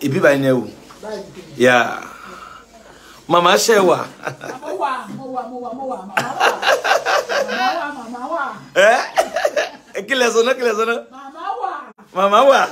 ebi ba ne wo ya mama hyɛ wa ekele so no ekele so no mama wa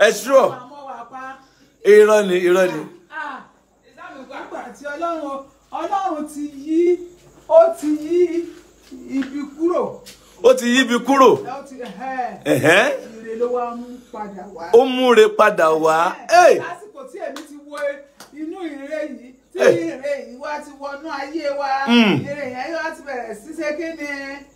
ɛsoro irọ́ ni irọ́ ni. Ah, ọlọ́run ti yí ó ti yí ibi kúrò. ó ti yí ibi Eh ẹ̀hẹ́n ló wá mú padà wá. ó múre padà wá. lásìkò tí èmi ti wo inú ìrẹ́ yìí tí ìrẹ́ yìí wá ti wọnú ayé wa ìrẹ́ yẹn wá ti bẹ̀rẹ̀ sí ṣe kí ni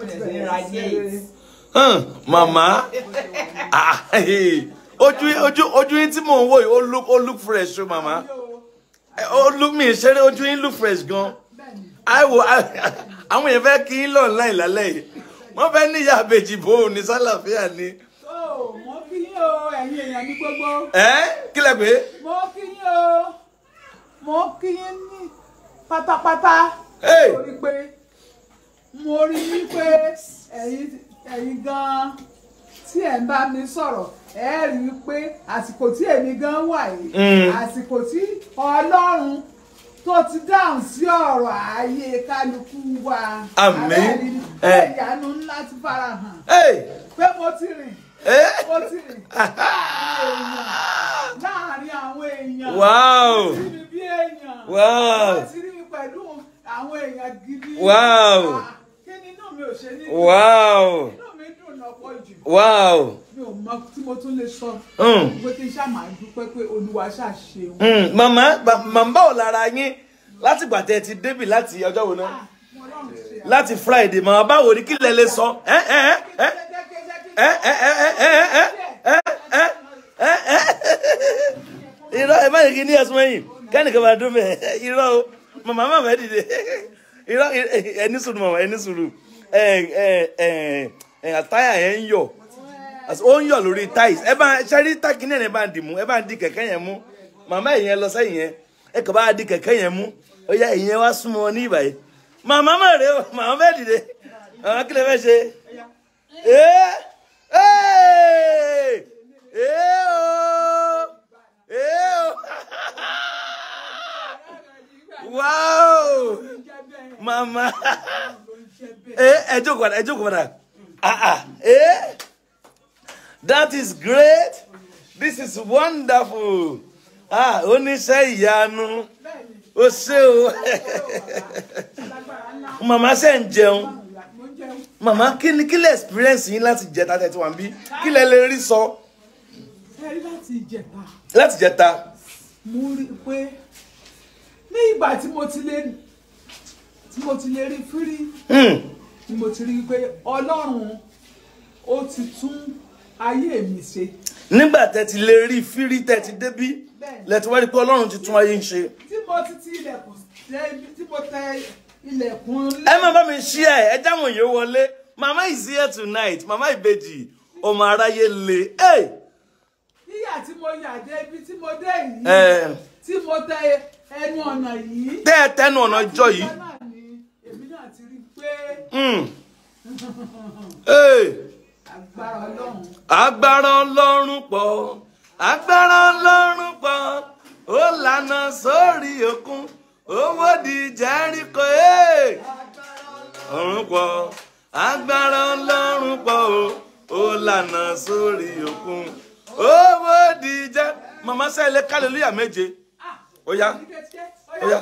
ó ti bẹ̀rẹ̀ sí ṣe. màmá ah, ojú ojú ojú yín tí mò ń wò yìí ó look ó look fresh o màmá ó look mi ṣeré ojú yín look fresh gan àìwò àwọn èèyàn fẹ́ kí yín lọ́ọ̀láì lálẹ́ yìí wọ́n fẹ́ níyà àbèjì bò ó ní sálàfíà ni ẹ̀yin èèyàn mi gbogbo. ẹ kí lẹ pé. mo kí yín o mo kí yín ní pátápátá. torí pé mo rí i pé ẹ̀yin gan-an tí ẹ̀ ń bá mi sọ̀rọ̀ ẹ rí i pé àsìkò tí èmi gan wà yìí hmm. àsìkò tí ọlọ́run tó ti dáhùn sí ọ̀rọ̀ ayé kálukú wa. àmín ẹ̀ ìyanu ńlá ti fara hàn pé mo ti rìn ó ti rìn láàrin àwọn èèyàn ó ti rìn bí èèyàn ó ti rìn pẹ̀lú àwọn èèyàn gidi ah, kí ni inú mi ò ṣe ní inú mi dùn lọ́pọ̀ jù mi ò mọ tí mo tún lè sọ bó hmm. ti ṣáà máa dúpẹ́ pé olúwa ṣàṣeun. Hmm. màmá màmá ò lára yín láti gbà tẹ́ ẹ ti débì láti ọjọ́ wo náà ah, láti Friday màmá báwo ni kí lẹ lè sọ ẹ ẹ ẹ. irọ́ ẹ má yẹ kí ní ẹ̀sùn ẹ̀yìn kẹ́nìkan máa dún mẹ́ irọ́ o màmá màmá ẹ̀ dìde irọ́ ẹni sùúrù màmá ẹni sùúrù àtáyà yẹn ń yọ̀ ó ń yọ̀ lórí táìs ẹ bá ṣẹ́rí táàkì náà ẹ bá dì mú ẹ bá di kẹ̀kẹ́ yẹn mú màmá ìyẹn lọ sẹ́yìn yẹn ẹ kàn bá di kẹ̀kẹ́ yẹn mú ó yá ìyẹn wá súnmọ́ wow mama eh, ẹ jókòó padà ẹ jókòó padà ah ah eh that is great this is wonderful ah oníṣẹ́ say o ṣé o mama ṣe ń jẹun. Mama, kí ni kí lè experience yín láti jẹta tẹ̀ tí wà ń bí kí lè lè rí sọ. ẹ rí láti jẹta. láti jẹta. mo rí i pé ní ìgbà tí mo ti lè tí mo ti lè rí fírí hmm. ni mo ti rí i pé ọlọ́run ó ti tún ayé mi ṣe. nígbà tẹ́ ti lè rí fírí tẹ́ ti débí lẹ ti wá rí i pé ọlọ́run ti tún ayé ń ṣe. tí mo ti ti ilẹ̀kùn tí mo tẹ ẹ má bá mi ṣí ẹ ẹ jáwọn yìí ó wọlé mama is here tonight mama ìbejì ọmọ aráyé le. yíyà tí mo yà dé ibi tí mo dé yìí tí mo tẹ ẹnu ọ̀nà yìí. tẹ ẹ tẹnu ọ̀nà jọ yìí. èmi náà ti rí pé. Hmm. agbára ọlọ́run. agbára ọlọ́run pọ̀ agbára ọlọ́run pọ̀ ó lànà sórí òkun owó di Jẹ́ríkò ẹ̀ ọ̀run pọ̀ agbára ọlọ́run pọ̀ o ó lànà sórí òkun owó di jẹ́ màmá sẹ́lẹ̀ kálẹ̀lúyà méje ó yá ó yá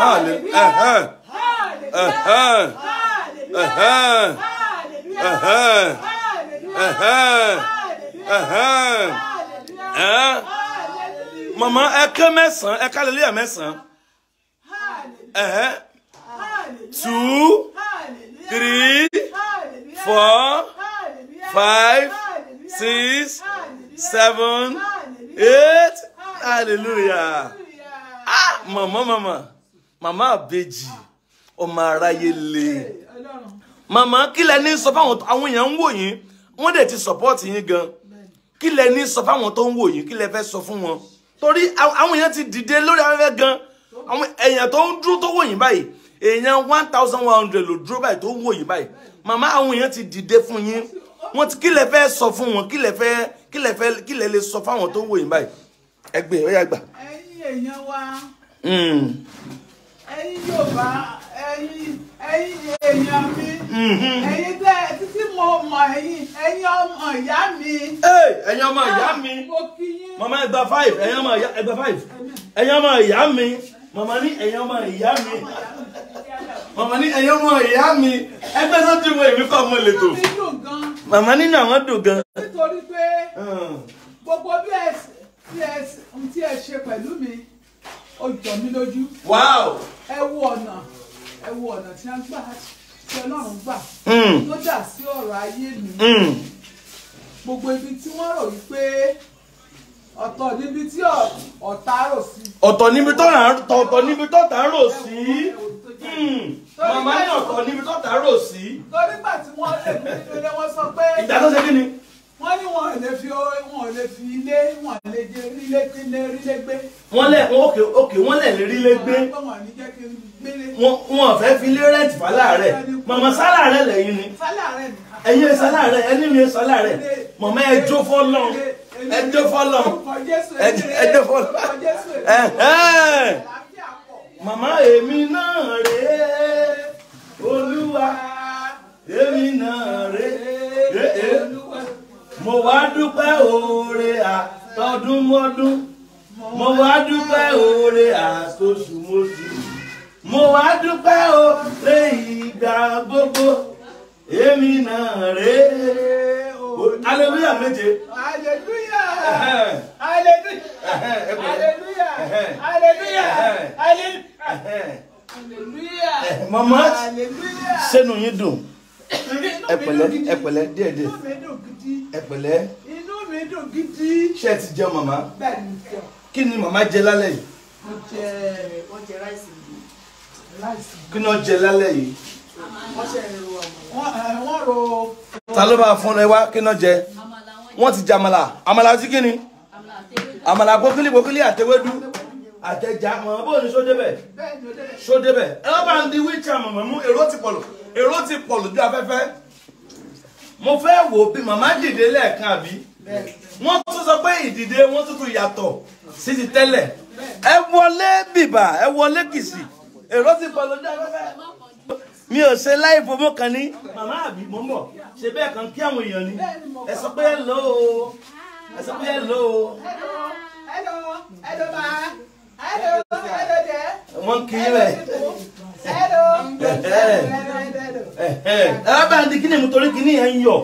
hàlẹ̀ ẹ̀hẹ́n ẹ̀hẹ́n ẹ̀hẹ́n ẹ̀hẹ́n ẹ̀hẹ́n ẹ̀hẹ́n ẹ̀hẹ́n màmá ẹ̀kẹ́ mẹ́sàn-án ẹ̀kálẹ̀lúyà mẹ́sàn-án un, two, three, four, five, six, seven, eight. Hallelujah. Ah, mama, mama, mama abeji, ọmọ aráyé le. Mama, kí lẹ ní sọ fáwọn àwọn èèyàn ń wò yín, wọ́n dẹ̀ ti support yín gan. Kí lẹ ní sọ fáwọn tó ń wò yín, kí lẹ fẹ́ sọ fún wọn. Torí àwọn èèyàn ti dìde lórí gan àwọn èèyàn tó ń dúró tó wò báyìí èèyàn one thousand one hundred ló dúró báyìí tó ń wò báyìí màmá àwọn èèyàn ti dìde fún yín wọ́n ti kí fẹ́ sọ fún wọn kí fẹ́ kí fẹ́ kí lè sọ fáwọn tó ń wò báyìí ẹgbẹ́ ó gbà. ẹ̀yin èèyàn wa hmm. ẹ̀yin Yorùbá ẹ̀yin ẹ̀yin èèyàn mi hmm. ẹ̀yin tẹ títí mo mọ ẹ̀yin ọmọ ìyá mi. ẹ̀yin ọmọ ìyá mi mama ẹgbà five ẹ̀yin ọmọ ìyá mi màmá ní ẹ̀yọ́ ọmọ ìyá mi màmá ní ẹ̀yọ́ ọmọ ìyá mi ẹgbẹ́ tó ti mọ èmi kọ́ ọmọ lẹ́tọ̀ màmá nínú àwọn dùn gan. nítorí pé gbogbo bí ẹ tí ẹ ṣe pẹ̀lú mi ó jọ mí lójú ẹ wo ọ̀nà ẹ wo ọ̀nà tí wọ́n gbà tí ọlọ́run gbà hmm. tó dà sí ọ̀rọ̀ ayé mi hmm. gbogbo ibi tí wọ́n rò wípé ọ̀tọ̀ níbi tí ọ̀tá rò sí. ọ̀tọ̀ níbi tó ọ̀tọ̀ níbi tó tà rò sí. Hmm. màmá ní ọ̀tọ̀ níbi tó tà rò sí. torí gbà tí wọ́n lè mú ilé wọn sọ pé. ìjà tó ṣe kí ni. wọ́n ní wọn ò lè fi wọn ò lè fi ilé wọn lè jẹ rílé kílé rílé gbé. wọ́n lẹ̀ òkè òkè wọ́n lẹ̀ lè rílé gbé. wọn ò fẹ́ fi ilé rẹ̀ǹtì fàlàrẹ̀ màmá sálàrẹ̀ lẹ́yìn ni ẹ̀yin sálàrẹ̀ ẹni mi sálàrẹ̀ ẹ ẹjọ́ fọlọ́ ẹjọ́ fọlọ́ màmá èmi náà rèé olúwa èmi náà rèé mo wá dúpẹ́ oore àtọdúnmọ́dún mo wá dúpẹ́ oore àtọṣùmọ́ṣù mo wá dúpẹ́ oore ìgbà gbogbo èmi náà rèé aleluya méje hallelujah hallelujah hallelujah hallelujah mama sẹ́nu yín dùn ẹ pẹ̀lẹ́ ẹ pẹ̀lẹ́ díẹ̀ díẹ̀ ẹ pẹ̀lẹ́ inú mi dùn mama kí ni mama jẹ lálẹ́ yìí wọ́n jẹ wọ́n jẹ ráìsì kí ni wọ́n jẹ lálẹ́ yìí wọ́n ṣe fún ẹ wá kí ni wọ́n jẹ wọ́n ti Jamala? Amala tí kí ni àmàlà gbókílì gbókílì àtẹwédú àtẹjà màmá bò ní sódébẹ̀ sódébẹ̀ ẹ bá ń di wíìchà màmá mú èrò ti pọ̀lù èrò ti pọ̀lù ju afẹ́fẹ́ mo fẹ́ wò bí màmá dìde lẹ́ẹ̀kan àbí wọ́n tún sọ pé ìdìde wọ́n tún tún yàtọ̀ sí ti tẹ́lẹ̀ ẹ wọlé bìbà ẹ wọlé kìsì èrò ti pọ̀lù ju afẹ́fẹ́ mi ò ṣe láì fomó kan ní. màmá àbí mo ń bọ̀ ṣe bẹ́ẹ̀ kan kí àwọn èèyàn ni ẹ sọ pé ẹ lò ó ẹ sọ pé ẹ lò ó. ẹ lò ẹ lò bá ẹ lò ẹ lò dẹ. wọ́n ẹ ẹ ẹ lò. ẹ bá ń di kíni mu torí kíni yẹn ń yọ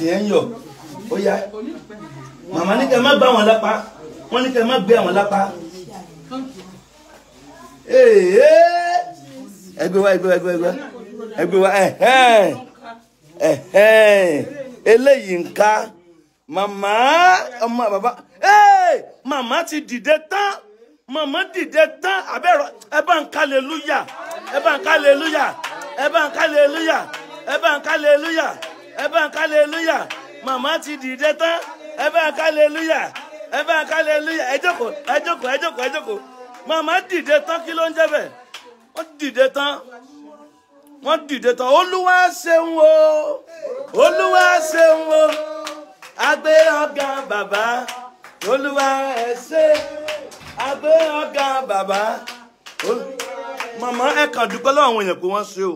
yẹn yọ ó yá màmá ní kẹ́ má gbá wọn lápá wọ́n ní kẹ́ má gbé àwọn lápá. Hey, hey. ẹgbẹ́wá ẹgbẹ́wá ẹgbẹ́wá ẹgbẹ́wá ẹ̀hẹ́n ẹ̀hẹ́n eléyìí nǹka màmá ọmọ bàbá ee màmá ti dìde tán màmá dìde tán abẹ́rọ ẹ bá ń kálelúyà ẹ bá ń màmá ti dìde tán ẹ bá ń kálelúyà ẹ bá ń kálelúyà ẹ jókòó màmá dìde tán kí ló wọ́n dìde tán wọ́n dìde tán olúwa ṣeun o olúwa ṣeun o agbé ọ̀gá bàbá olúwa ẹ ṣé agbé ọ̀gá bàbá màmá ẹ kàn dúpẹ́ lọ́wọ́ àwọn èèyàn pé wọ́n ṣe o.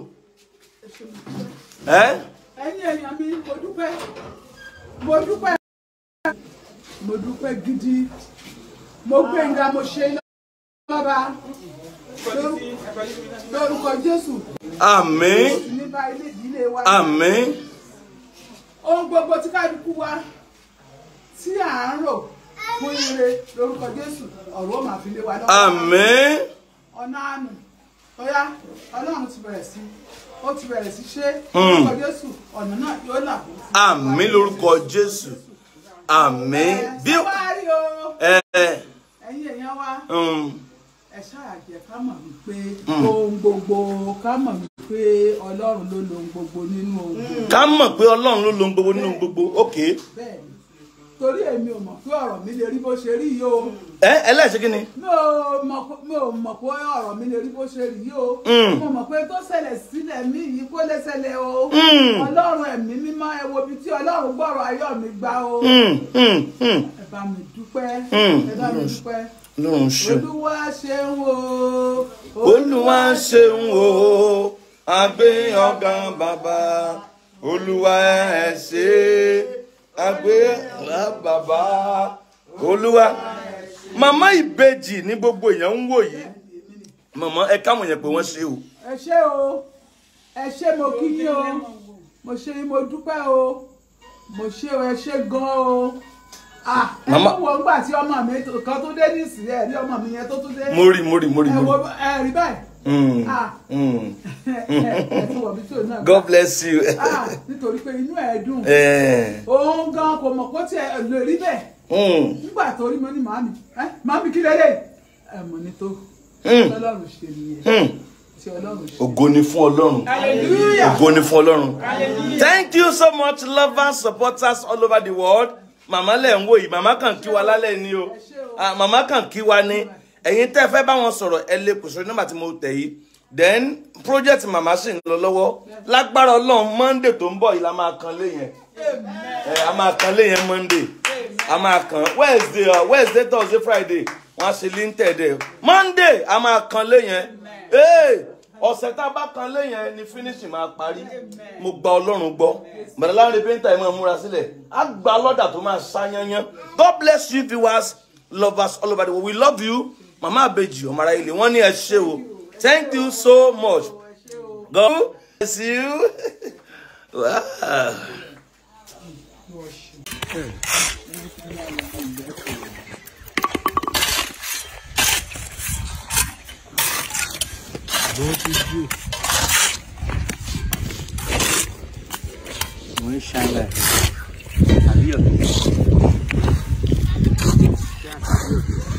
ẹ̀yin èèyàn mi mo dúpẹ́ mo dúpẹ́ mo dúpẹ́ gidi mo gbẹ̀ngà mo ṣe iná. Bàbá lórúkọ Jésù. Àmín. Nípa ilé ìdílé wa. Àmín. Ohun gbogbo tí kálukú wa tí à ń rò fún ire lórúkọ Jésù ọ̀rọ̀ ó máa fi lé wa lọ́wọ́. Àmín. Ọ̀nà àmì ọ̀yá Ọlọ́run ti bẹ̀rẹ̀ sí ó ti bẹ̀rẹ̀ sí ṣe hmm. lórúkọ Jésù ọ̀nà náà yóò là fún. Àmín lórúkọ Jésù. Àmín. Bí ó. Ẹ wá rí o. Ẹ. Ẹ̀yin èèyàn wa. Hmm ẹ ṣáà jẹ́ ká mọ̀ wípé hmm. ohun gbogbo ká mọ̀ wípé ọlọ́run ló lo ohun gbogbo nínú ohun hmm. gbogbo. ká mọ̀ pé ọlọ́run ló lo ohun gbogbo nínú ohun gbogbo ok. bẹ́ẹ̀ni torí èmi ò mọ̀ pé ọ̀rọ̀ mi lè rí bó ṣe rí yìí o. ẹ ẹlẹ́sìn kí ni. mi ò mọ̀ pé ọ̀rọ̀ mi lè rí bó ṣe rí yìí o. Hmm. mo mọ̀ pé tó ṣẹlẹ̀ sílẹ̀ mí yìí kó lè ṣẹlẹ̀ o. ọlọ́run ẹ̀mí mímọ́ ẹ wo ibi tí ọlọ́run gbọ́rọ̀ ayọ̀ mi gbà o. ẹ bá mi dúpẹ́ ẹ bá mi dúpẹ́ lòun ṣe. olúwa ṣeun o. olúwa ṣeun o. àgbé ọ̀gá bàbá. olúwa ẹ ṣe àgbé ọ̀gá bàbá. olúwa màmá ìbejì ní gbogbo èèyàn ń wò yìí màmá ẹ káwọn yẹn pé wọ́n ṣe o. ẹ ṣé o ẹ ṣé mo kí yín o mo ṣe mo dúpẹ́ o mo ṣe o ẹ ṣé gan o. Ah, ẹ wo ngbà tí ọmọ mi kan tó dé nísìnyí ẹ rí ọmọ mi yẹn tó tún dé. mo rí mo rí ẹ rí báyìí. Mm, ah. mm. God bless you. Ah, nítorí pé inú ẹ dùn eh. òun gan kò mọ̀ kó tiẹ̀ lè rí bẹ́ẹ̀ mm. nígbà tó rí mo ní màámi màámi kí lélẹ̀ ẹ mọ̀ ní tó ọlọ́run ṣe nìyẹn ògo ni fún ọlọ́run ògo ni fún ọlọ́run thank you so much lovers supporters all over the world màmá lẹ̀ ń wò yìí màmá kàn kí wa lálẹ́ ni o ah, màmá kàn kí wa ni ẹ̀yin tẹ́ fẹ́ bá wọn sọ̀rọ̀ ẹ lè kùsùn nígbà tí mo tẹ̀ yìí then project màmá sì ń lọ lọ́wọ́ lágbára ọlọ́run monday tó ń bọ̀ yìí la máa kan lé yẹn ẹ eh, a máa kan lé yẹn monday a máa kan wednesday uh, wednesday thursday friday wọn á ṣe linted ẹ monday a máa kan lé yẹn. Hey! ọ̀sẹ̀ tá a bá kan léyìn ni finish máa parí mo gba ọlọ́run gbọ́ bàdá láàrin pé ń ta ẹ̀ máa múra sílẹ̀ á gba lọ́dà tó máa sá yányán God bless you viewers lovers all over the world we love you mama abeji ọmọ ara ilé wọn ní ẹ ṣé o thank you so much God bless you. wow. Bu बहुत easy Maşallah. Alıyor. Alıyor.